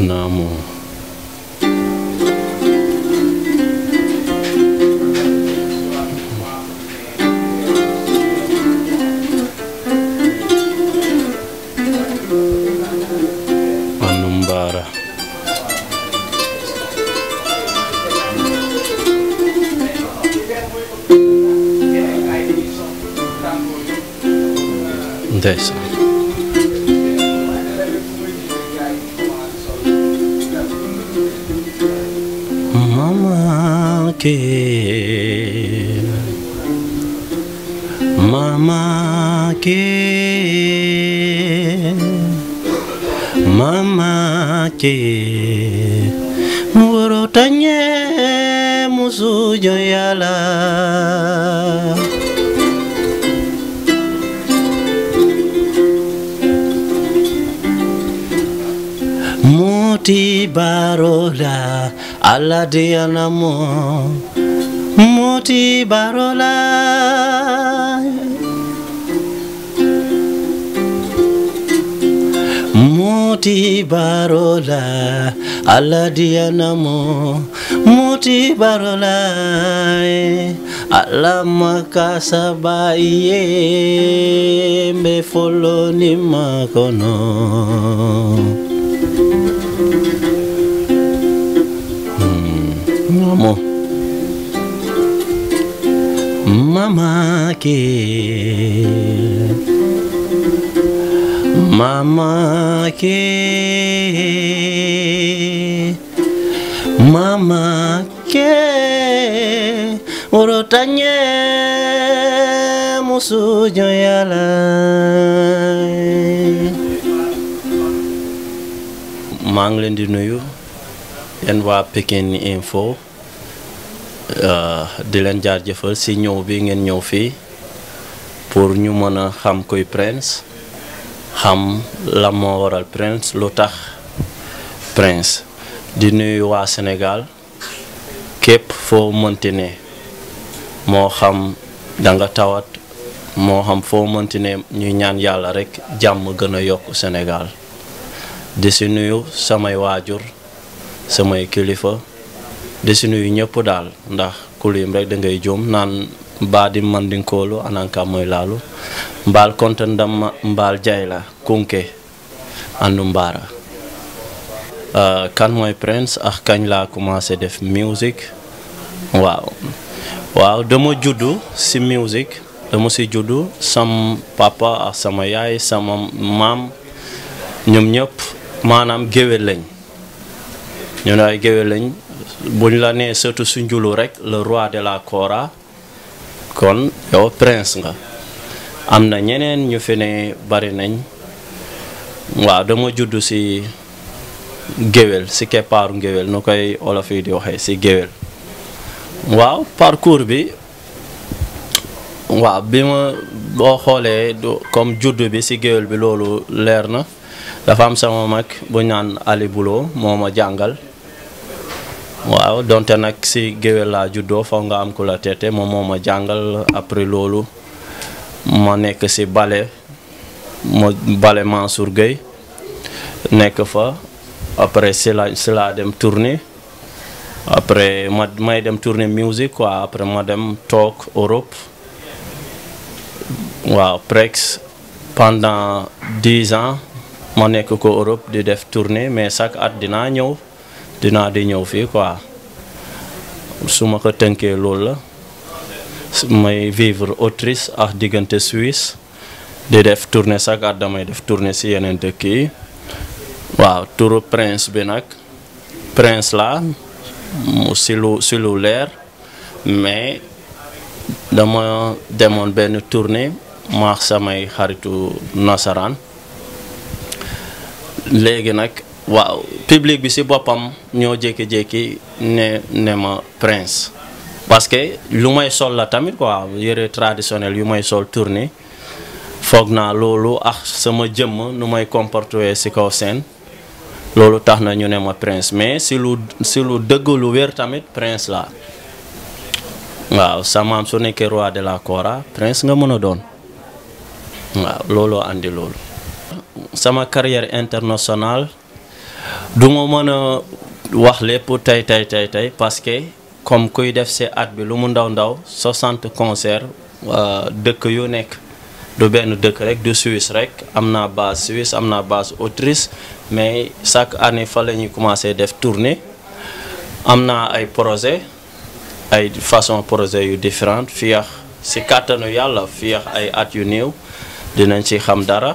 Namo mama ke mama ke mama ke murotanye musujo yala Muti barola আল্লাহ দিয়া নাম মতি বারলা মতি বারলা আল্লাহ দিয়া নাম মতি বারলা আল্লাহাসাবাইয়ে বেফলনি Makon mo mama ke mama ke mama ke urutanye musujo yala maa di nuyu yéen waa Info Euh, di leen jaarjëfal si ñëw bi ngeen ñëw fii pour ñu mën a xam kuy Prince xam la moo waral Prince lu tax Prince di nuyu waa Sénégal képp foo mënti moo xam danga tawat moo xam foo mënti ne ñu ñaan yàlla rekk jàmm gën a yokk Sénégal di si nuyu samay waajur samay kilifa de si nuyu ñëpp daal ndax kulim rek da ngay man naan ko mandinkoolu ananka moy laalu mbal konta ndam mbaal jayla kunke andu mbara uh, kan moy prince ak kan la commencé def music wow, wow, mo juddu si music mo si juddu sam papa ak sama yaay sama mam ñom ñëpp manam géwél lañ ñu lañ bu ñu la nee surtout su njulu rek le roi de la kora kon yow prince nga am na ñeneen ñu fi ne bari nañ waaw dama judd ci géwél ci keppaaru ngéwél nu koy olof yi di waxee ci géwél waaw parcours bi waaw bi ma boo xoolee comme juddu bi ci géwél bi loolu leer na dafa am sama mag bu naan Ali Bulo moo ma jàngal waaw donte nag si géwél laa juddoo foog nga am ku la teete moom moo ma jàngal après loolu ma nekk si bale ma bale Mansour Gueye nekk fa après si la si laa dem tournée après ma may dem tournée musique quoi après ma dem toog Europe waaw presque pendant dix ans ma nekk ko Europe di def tournée mais chaque at dinaa ñëw. dina di ñew fi quoi suma ko tanké lool la may vivre autrice ak ah, digante Suisse de def tourner sa at may def tourner si yenen de ki waaw turu prince bi nak prince la mo si lu si mais dama demone ben tourner maax samay xaritu nasaran legi nak waaw public bi si boppam ñoo jékki-jékki ne ne ma prince parce que lu may sol la tamit quoi yëre traditionnel yu may sol tournée foog naa loolu ak ah, sama jëmm nu may comporter si kaw seen loolu tax na ñu ne ma prince mais ci lu ci lu dëgg lu wér tamit prince la waaw sa maam su nekkee roi de la Kora prince nga mën a doon waaw looloo indi loolu. sama carrière internationale. du ma wax lépp tay tay tay tay parce que comme koy def ces at bi lu mu ndaw ndaw 60 concerts dëkk yu nek du benn dëkk rek du Suisse rek amna base Suisse amna base Autriche mais chaque année fa la ñuy commencé def tourner amna ay projet ay façon projet yu différente fiakh ak si yalla fiakh ay at yu néew dinañ ci xam dara.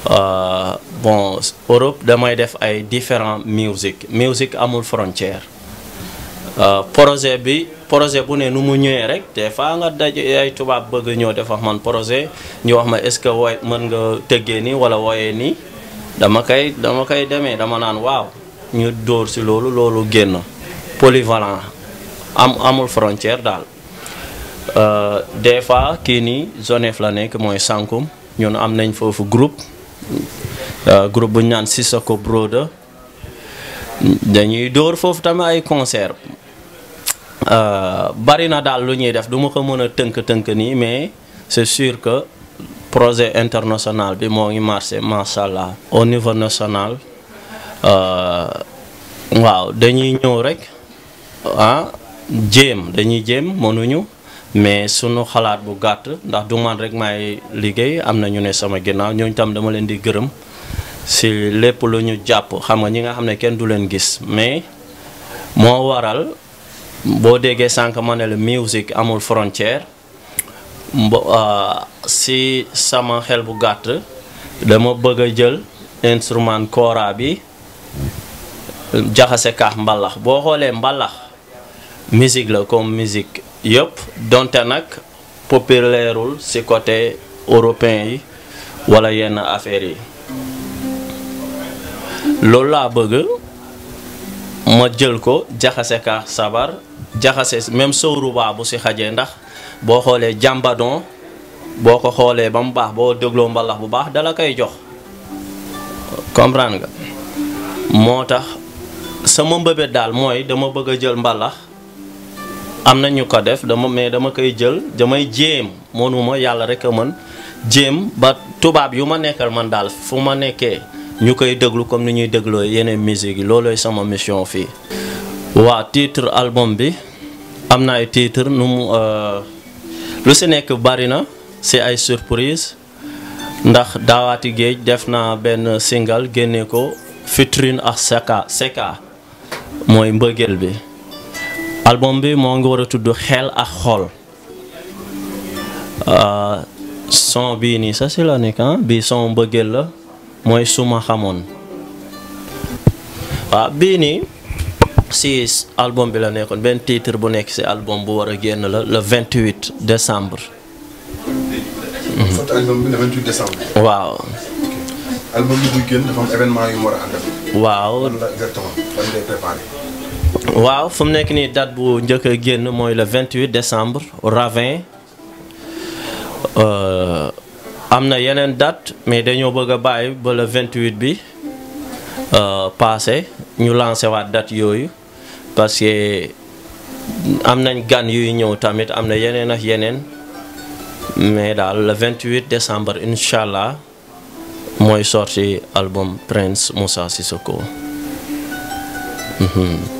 Euh, bon Europe damay def ay différents musique musique amul frontière euh, projet bi projet bu ne nu mu ñëwee rek des fois nga daj ay tubaab bëgg ñëw def wax man projet ñu wax ma est-ce que wooy mën nga tëggee nii wala wooyee nii dama koy dama koy demee dama naan waaw ñu dóor si loolu loolu génn polyvalent am amul frontière daal euh, des fois kii nii Zonef la nekk mooy Sankum ñun am nañ foofu groupe Euh, groupe bu ñu naan Sissoko Broda dañuy dóor foofu tamit ay concert euh, bari na daal lu ñuy def du ma ko mën a tënk-tënk nii mais c'est sûr que projet international bi moo ngi marché macha allah au niveau national euh, waaw dañuy ñëw rek ah jéem dañuy jéem mënuñu. mais sunu xalaat bu gàtt ndax du man rek maay liggéey am na ñu ne sama ginnaaw ñooñu tam dama leen di gërëm si lépp lu ñu jàpp xam nga ñi nga xam ne kenn du leen gis mais moo waral boo déggee sànq ma ne la musique amul frontière mbo euh, si sama xel bu gàtt dama bëgg a jël instrument kora bi jaxase kaax mbalax boo xoolee mbalax musique la comme musique yëpp donte nag populairul ci côté européen yi walla yenn affaires yi loolu laa bëgg ma jël ko jaxase ka sabar jaxase même sowruba bu ci xajee ndax boo xoolee jàmbadon boo ko xoolee ba mu baax boo dégloo mbalax bu baax dala koy jox comprendre nga moo tax sama mbëbët daal mooy dama bëgg a jël mbalax am na ñu ko def dama mais dama koy jël damay jéem mënuma yàlla rek a mën jéem ba tubaab yu ma nekkal man daal fu ma nekkee ñu koy déglu comme ni ñuy dégloo yeneen musique yi loolooy sama mission fii. waa tiitre album bi am naa ay titre nu mu euh, lu si nekk bari na si ay surprise ndax daawaati géej def naa benn single génne ko Fitrine ak Seka Seka mooy mbëggeel bi. album bi moo ngi war a tudd xel ak xool euh, son bii nii sa si la nekk ah bii son mbëggeel la mooy suma xamoon waaw bii nii si album bi la nekkoon benn titre bu nekk ci album bu war a génn la le vingt décembre. Mm-hmm. foto album décembre. waaw. waaw waaw fu mu nekk nii date bu njëkk a génn mooy le 28 décembre Ravin euh, am na yeneen dat mais dañoo bëgg a bàyyi ba le 28 bi euh, passé ñu lancé waat date yooyu parce que am nañ gan yuy ñëw tamit am na yeneen ak yeneen mais daal le 28 décembre incha allah mooy sorti album Prince Moussa Sissoko. Mhm.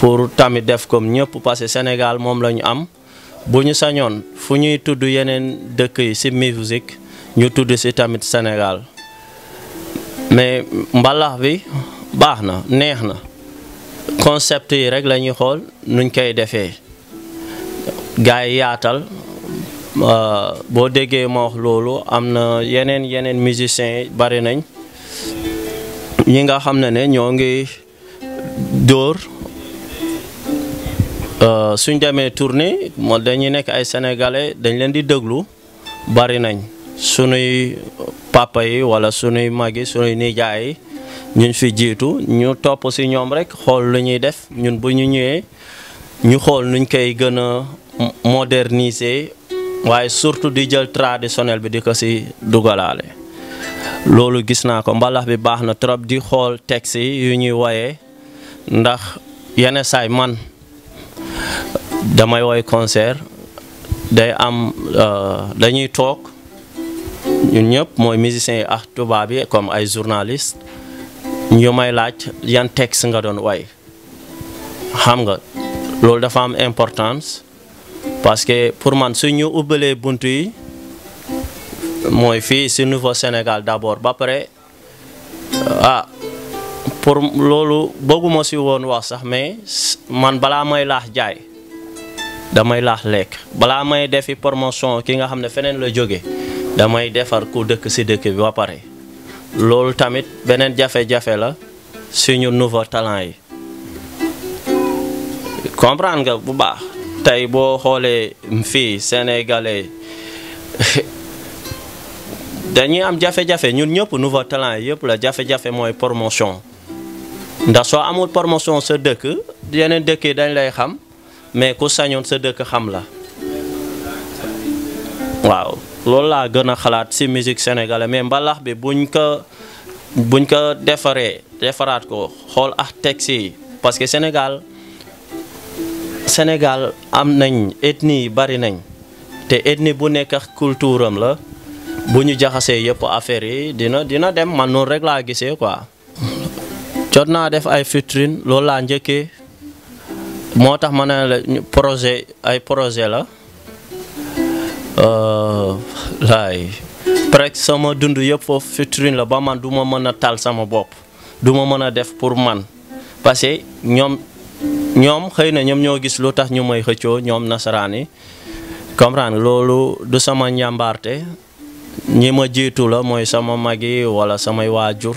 pour tamit def comme ñëpp parce que Sénégal moom lañu am bu ñu sañoon fu ñuy tudd yeneen dëkk yi ci musique ñu tudd ci tamit Sénégal mais mbalax bi baax na neex na concept yi rek la ñuy xool nuñ koy defee gars yi yaatal euh, boo déggee ma wax loolu am na yeneen yeneen musiciens yi bari nañ ñi nga xam ne ne ñoo ngi dóor Euh, suñ demee tournée moo dañuy nekk ay sénégalais dañ leen di déglu bari nañ sunuy papa yi wala sunuy mag yi sunuy nijaay yi ñun fi jiitu ñu topp si ñoom rek xool lu ñuy def ñun bu ñu ñëwee ñu xool nuñ koy gën a moderniser waaye surtout di jël traditionnel bi di ko si dugalaale. loolu gis naa ko mbalax bi baax na trop di xool texte yi yu ñuy woyee ndax yenn saay man. damay woy concert day am euh, dañuy toog ñun ñëpp mooy musiciens yi ak tubaab yi comme ay journaliste ñu may laaj yan texte nga doon way xam nga loolu dafa am importance parce que pour man suñu ubbalee bunt yi mooy fii si niveau Sénégal d'abord ba pare ah pour loolu bëgguma si woon wax sax mais man bala may lah jaay damay lah lek bala may defi promotion ki nga xamne fenen la joge damay defar ku dekk ci dekk bi wa pare lolu tamit benen jafe-jafe la suñu nouveau talent yi comprendre nga bu baax tay bo xolé mfi sénégalais dañuy am jafe-jafe ñun ñëpp nouveau talent yépp la jafe jafé moy promotion ndax soo amul promotion sa dëkk yeneen dëkk yi dañ lay xam mais ku sañoon sa dëkk xam la waaw loolu laa gën a xalaat ci musique sénégalaise mais mbalax bi buñ ko buñ ko defaree defaraat ko xool ak texte yi parce que Sénégal Sénégal am nañ ethnie yi bari nañ te ethnie bu nekk kultuuram la bu ñu jaxasee yëpp affaire yi dina dina dem man noonu rek laa gisee quoi. jotna def ay vitrine lol la njëkkee motax tax projet ay projet la euh, lay prek sama dundu yëpp foofu vitrine la ba man duma tal sama bop duma ma def pour man parce que ñom ñoom xëy na nyom ñoo gis lutax ñu may xëccoo ñom nasrani comprendre loolu du sama njàmbaarte ñima jitu la moy sama magi wala sama wajur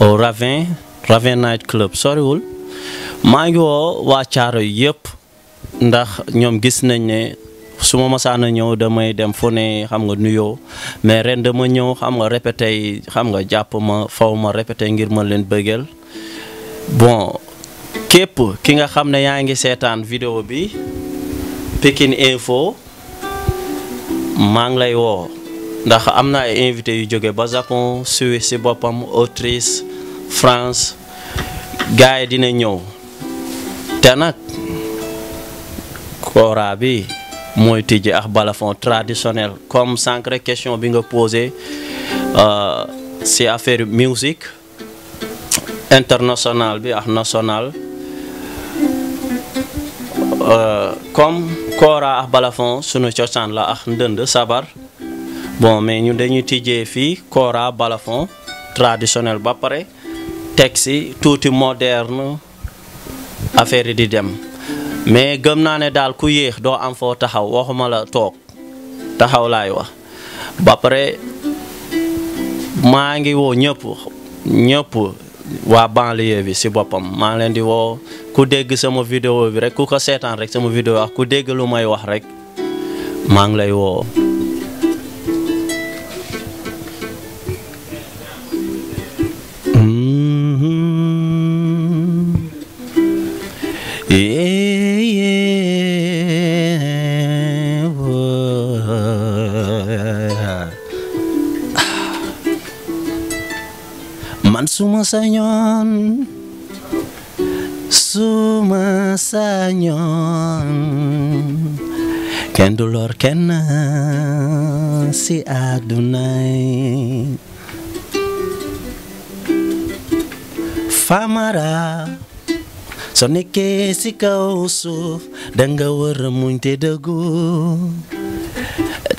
au Ravin Ravin Night Club soriwul maa ngi woo waa yi yëpp ndax ñoom gis nañ ne su ma masaan a ñëw damay dem fu ne xam nga nuyoo mais ren dama ñëw xam nga répété xam nga jàpp ma faw ma répété ngir ma leen bëggeel bon képp ki nga xam ne yaa ngi seetaan vidéo bi Pikine Info maa ngi lay woo ndax am na ay invité yu jóge ba Japon Suisse si boppam Autriche France gars yi dina ñëw te nag kora bi mooy tijji ak balafon traditionnel comme sànq rek question bi nga posé si euh, affaire musique international bi ak national euh, comme kora ak balafon sunu cosaan la ak ndënd sabar bon mais ñu dañuy tijjee fii kora balafon traditionnel ba pare teg si tuuti moderne affaire yi di dem mais gëm naa ne daal ku yéex doo am foo taxaw waxuma la toog taxaw laay wax ba pare maa ngi woo ñëpp ñëpp waa banlieue bi si boppam maa ngi leen di woo ku dégg sama video bi rek ku ko seetaan rek sama vidéo wax ku dégg lu may wax rek maa ngi lay woo sumasanyon sumasanyon kendulor kena si adunai famara sonike si suf dan gawur munte degu.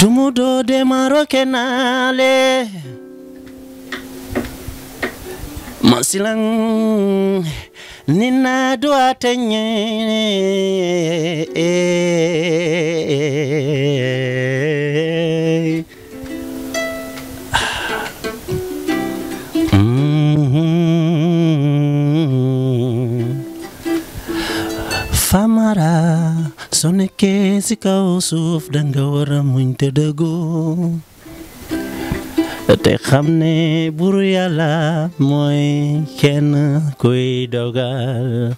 Dumudo de nale Masilang Nina duatenye mm-hmm. Famara soo nekkee si kaw suuf danga war a muñ te xam ne buru yàlla mooy kenn kuy dogal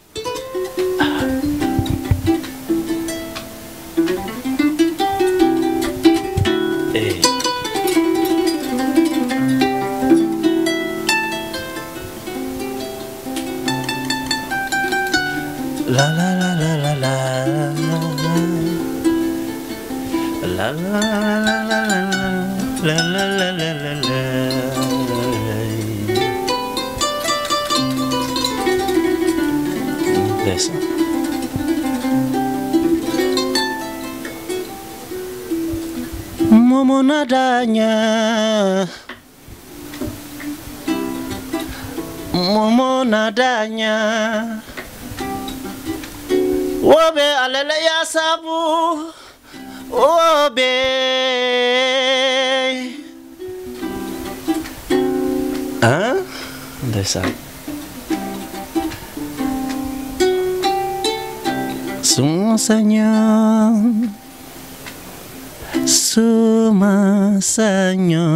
la la la la la la la Listen. Momonadanya Momonadanya Wabe alele ya sabu obey. Hein? Sous Son Seigneur, Sous ma Seigneur.